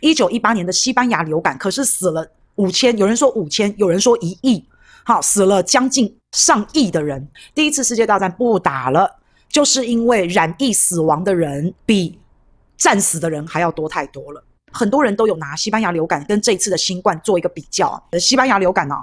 一九一八年的西班牙流感，可是死了五千，有人說五千，有人說一億，好，死了將近上億的人。第一次世界大戰不打了，就是因為染疫死亡的人比戰死的人還要多太多了。很多人都有拿西班牙流感跟這一次的新冠做一個比較。呃，西班牙流感呢、啊？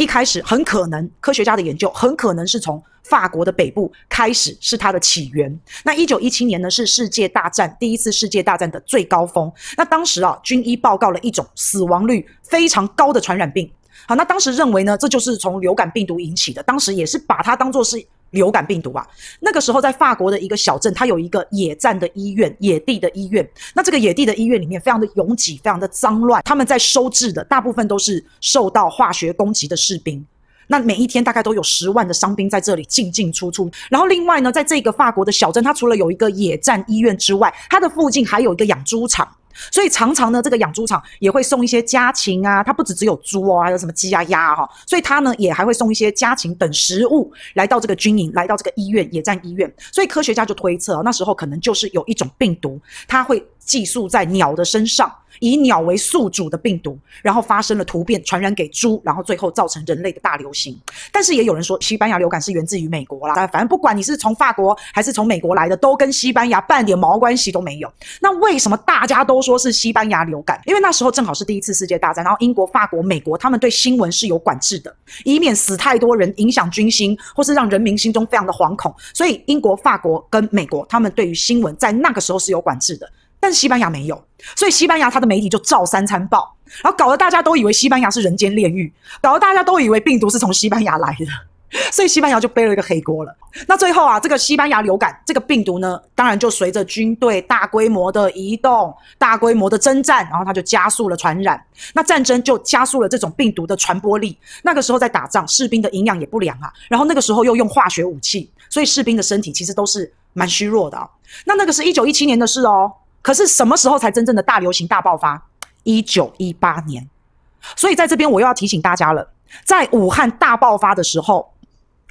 一開始很可能，科學家的研究很可能是從法國的北部開始，是它的起源。那一九一七年呢，是世界大戰，第一次世界大戰的最高峰。那當時啊，軍醫報告了一種死亡率非常高的傳染病。好，那當時認為呢，這就是從流感病毒引起的。當時也是把它當作是。流感病毒啊，那個時候在法國的一個小鎮，它有一個野戰的醫院，野地的醫院。那這個野地的醫院裡面非常的擁擠，非常的髒亂。他們在收治的大部分都是受到化學攻擊的士兵。那每一天大概都有十萬的傷兵在這裡進進出出。然後另外呢，在這個法國的小鎮，它除了有一個野戰醫院之外，它的附近還有一個養豬場。所以常常呢，這個養豬場也會送一些家禽啊，它不只只有豬啊，還有什麼雞呀、鴨啊哈，所以它呢也還會送一些家禽等食物來到這個軍營，來到這個醫院、野戰醫院。所以科學家就推測，啊，那時候可能就是有一種病毒，它會寄宿在鳥的身上。以鳥為宿主的病毒，然後發生了突變，傳染給豬，然後最後造成人類的大流行。但是也有人說，西班牙流感是源自於美國啦。反正不管你是從法國還是從美國來的，都跟西班牙半點毛關係都沒有。那為什麼大家都說是西班牙流感？因為那時候正好是第一次世界大戰，然後英國、法國、美國他們對新聞是有管制的，以免死太多人，影響軍心，或是讓人民心中非常的惶恐。所以英國、法國跟美國他們對於新聞在那個時候是有管制的。但是西班牙沒有，所以西班牙它的媒體就照三餐報，然後搞得大家都以為西班牙是人間煉獄，搞得大家都以為病毒是從西班牙來的，所以西班牙就背了一個黑鍋了。那最後啊，這個西班牙流感這個病毒呢，當然就隨着軍隊大規模的移動、大規模的征戰，然後它就加速了傳染。那戰爭就加速了這種病毒的傳播力。那個時候在打仗，士兵的營養也不良啊，然後那個時候又用化學武器，所以士兵的身體其實都是蠻虛弱的啊。那那個是一九一七年的事哦。可是什麼時候才真正的大流行大爆發？一九一八年。所以在這邊我又要提醒大家了，在武漢大爆發的時候，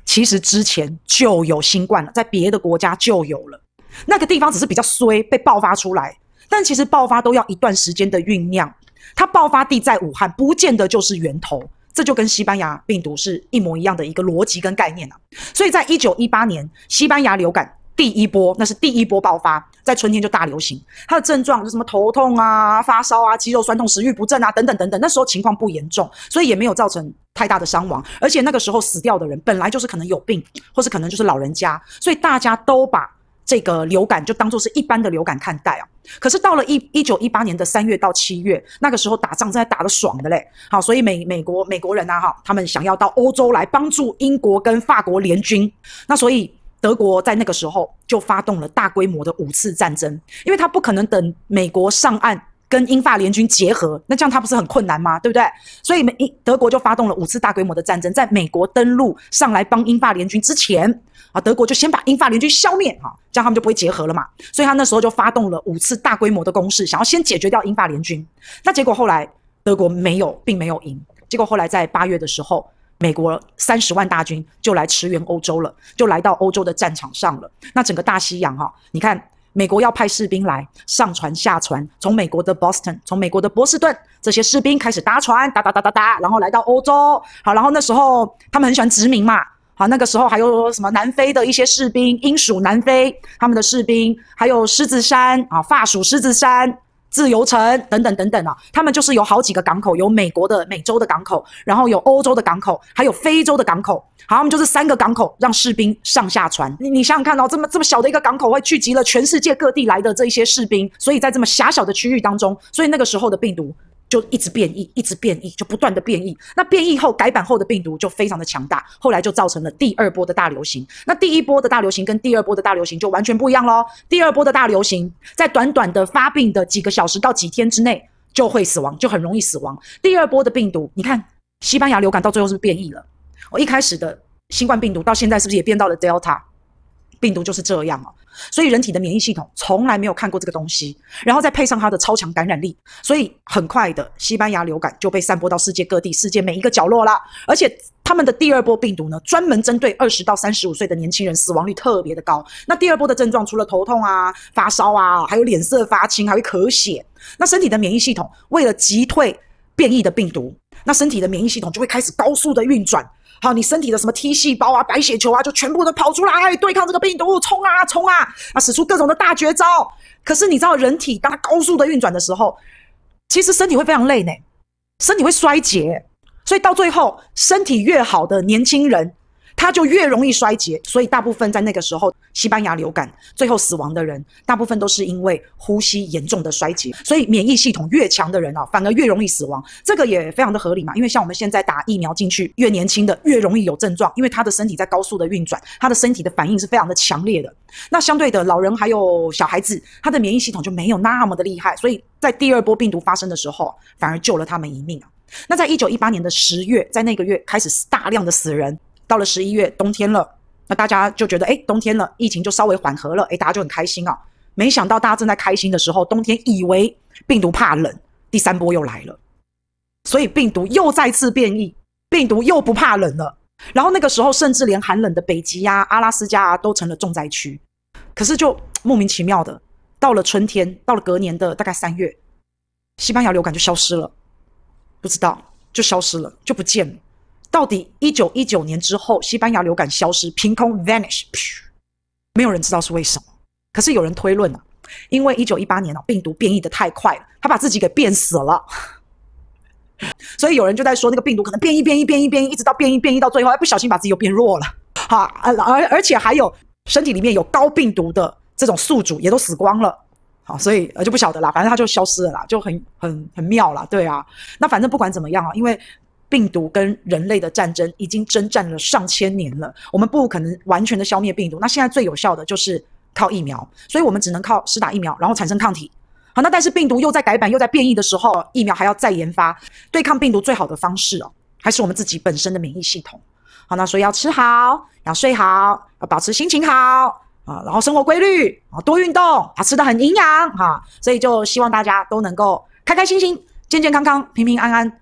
其實之前就有新冠了，在別的國家就有了，那個地方只是比較衰被爆發出來，但其實爆發都要一段時間的醞釀，它爆發地在武漢不見得就是源頭，這就跟西班牙病毒是一模一樣的一個邏輯跟概念了啊。所以在一九一八年西班牙流感。第一波，那是第一波爆發，在春天就大流行。它的症狀就是什麼頭痛啊、發燒啊、肌肉痠痛、食欲不振啊，等等等等。那時候情況不嚴重，所以也沒有造成太大的傷亡。而且那個時候死掉的人本來就是可能有病，或是可能就是老人家，所以大家都把這個流感就當作是一般的流感看待啊。可是到了一一九一八年的三月到七月，那個時候打仗正在打得爽的嘞，好，所以美美國美國人啊，哈，他們想要到歐洲來幫助英國跟法國聯軍，那所以。德國在那個時候就發動了大規模的五次戰爭，因為他不可能等美國上岸跟英法聯軍結合，那這樣他不是很困難嗎？對不對？所以美英德國就發動了五次大規模的戰爭，在美國登陸上來幫英法聯軍之前，啊，德國就先把英法聯軍消滅，哈，這樣他們就不會結合了嘛。所以他那時候就發動了五次大規模的攻勢，想要先解決掉英法聯軍。那結果後來德國沒有，並沒有贏。結果後來在八月的時候，美國三十萬大軍就來馳援歐洲了，就來到歐洲的戰場上了。那整個大西洋哈、啊，你看美國要派士兵來，上船下船，從美國的 Boston，從美國的波士頓，這些士兵開始搭船，搭搭搭搭搭，然後來到歐洲。好，然後那時候他們很喜歡殖民嘛。好，那個時候還有什麼南非的一些士兵，英屬南非他們的士兵，還有獅子山啊，法屬獅子山。自由城等等等等啊，他們就是有好幾個港口，有美國的、美洲的港口，然後有歐洲的港口，還有非洲的港口。好，他們就是三個港口讓士兵上下船。你你想想看哦，這麼這麼小的一個港口，會聚集了全世界各地來的這一些士兵，所以在這麼狹小的區域當中，所以那個時候的病毒。就一直變異，一直變異，就不斷的變異。那變異後改版後的病毒就非常的強大，後來就造成了第二波的大流行。那第一波的大流行跟第二波的大流行就完全不一樣嘍。第二波的大流行在短短的發病的幾個小時到幾天之內就會死亡，就很容易死亡。第二波的病毒，你看西班牙流感到最後是不是變異了？我一開始的新冠病毒到現在是不是也變到了 Delta？病毒就是這樣啊，所以人體的免疫系統從來沒有看過這個東西，然後再配上它的超強感染力，所以很快的西班牙流感就被散播到世界各地，世界每一個角落啦。而且他們的第二波病毒呢，專門針對二十到三十五歲的年輕人，死亡率特別的高。那第二波的症狀除了頭痛啊、發燒啊，還有臉色發青，還會咳血。那身體的免疫系統為了擊退變異的病毒，那身體的免疫系統就會開始高速的運轉。好，你身體的什麼 T 細胞啊、白血球啊，就全部都跑出來對抗這個病毒，衝啊衝啊，啊，使出各種的大絕招。可是你知道，人體當它高速的運轉的時候，其實身體會非常累呢，身體會衰竭，所以到最後，身體越好的年輕人，他就越容易衰竭，所以大部分在那個時候西班牙流感最後死亡的人，大部分都是因為呼吸嚴重的衰竭。所以免疫系統越強的人啊，反而越容易死亡。這個也非常的合理嘛，因為像我們現在打疫苗進去，越年輕的越容易有症狀，因為他的身體在高速的運轉，他的身體的反應是非常的強烈的。那相對的，老人還有小孩子，他的免疫系統就沒有那麼的厲害，所以在第二波病毒發生的時候，反而救了他們一命啊。那在一九一八年的十月，在那個月開始大量的死人。到了十一月，冬天了，那大家就覺得，哎，冬天了，疫情就稍微緩和了，哎，大家就很開心啊。沒想到大家正在開心的時候，冬天以為病毒怕冷，第三波又來了，所以病毒又再次變異，病毒又不怕冷了。然後那個時候，甚至連寒冷的北極呀、啊、阿拉斯加啊，都成了重災區。可是就莫名其妙的，到了春天，到了隔年的大概三月，西班牙流感就消失了，不知道就消失了，就不見了。到底一九一九年之後，西班牙流感消失，憑空 vanish，沒有人知道是為什麼。可是有人推論了、啊，因為一九一八年、啊、病毒變異得太快了，他把自己給變死了。所以有人就在說，那個病毒可能變異、變異、變異、變異，一直到變異、變異到最後，它不小心把自己又變弱了。而、啊、而且還有身體裡面有高病毒的這種宿主也都死光了。好、啊，所以呃就不曉得啦，反正它就消失了啦，就很很很妙啦。對啊，那反正不管怎麼樣啊，因為。病毒跟人類的戰爭已經征戰了上千年了，我們不可能完全的消滅病毒。那現在最有效的就是靠疫苗，所以我們只能靠施打疫苗，然後產生抗體。好，那但是病毒又在改版又在變異的時候，疫苗還要再研發。對抗病毒最好的方式哦，還是我們自己本身的免疫系統。好，那所以要吃好，要睡好，要保持心情好啊，然後生活規律啊，多運動，啊，吃得很營養哈。所以就希望大家都能夠開開心心、健健康康、平平安安。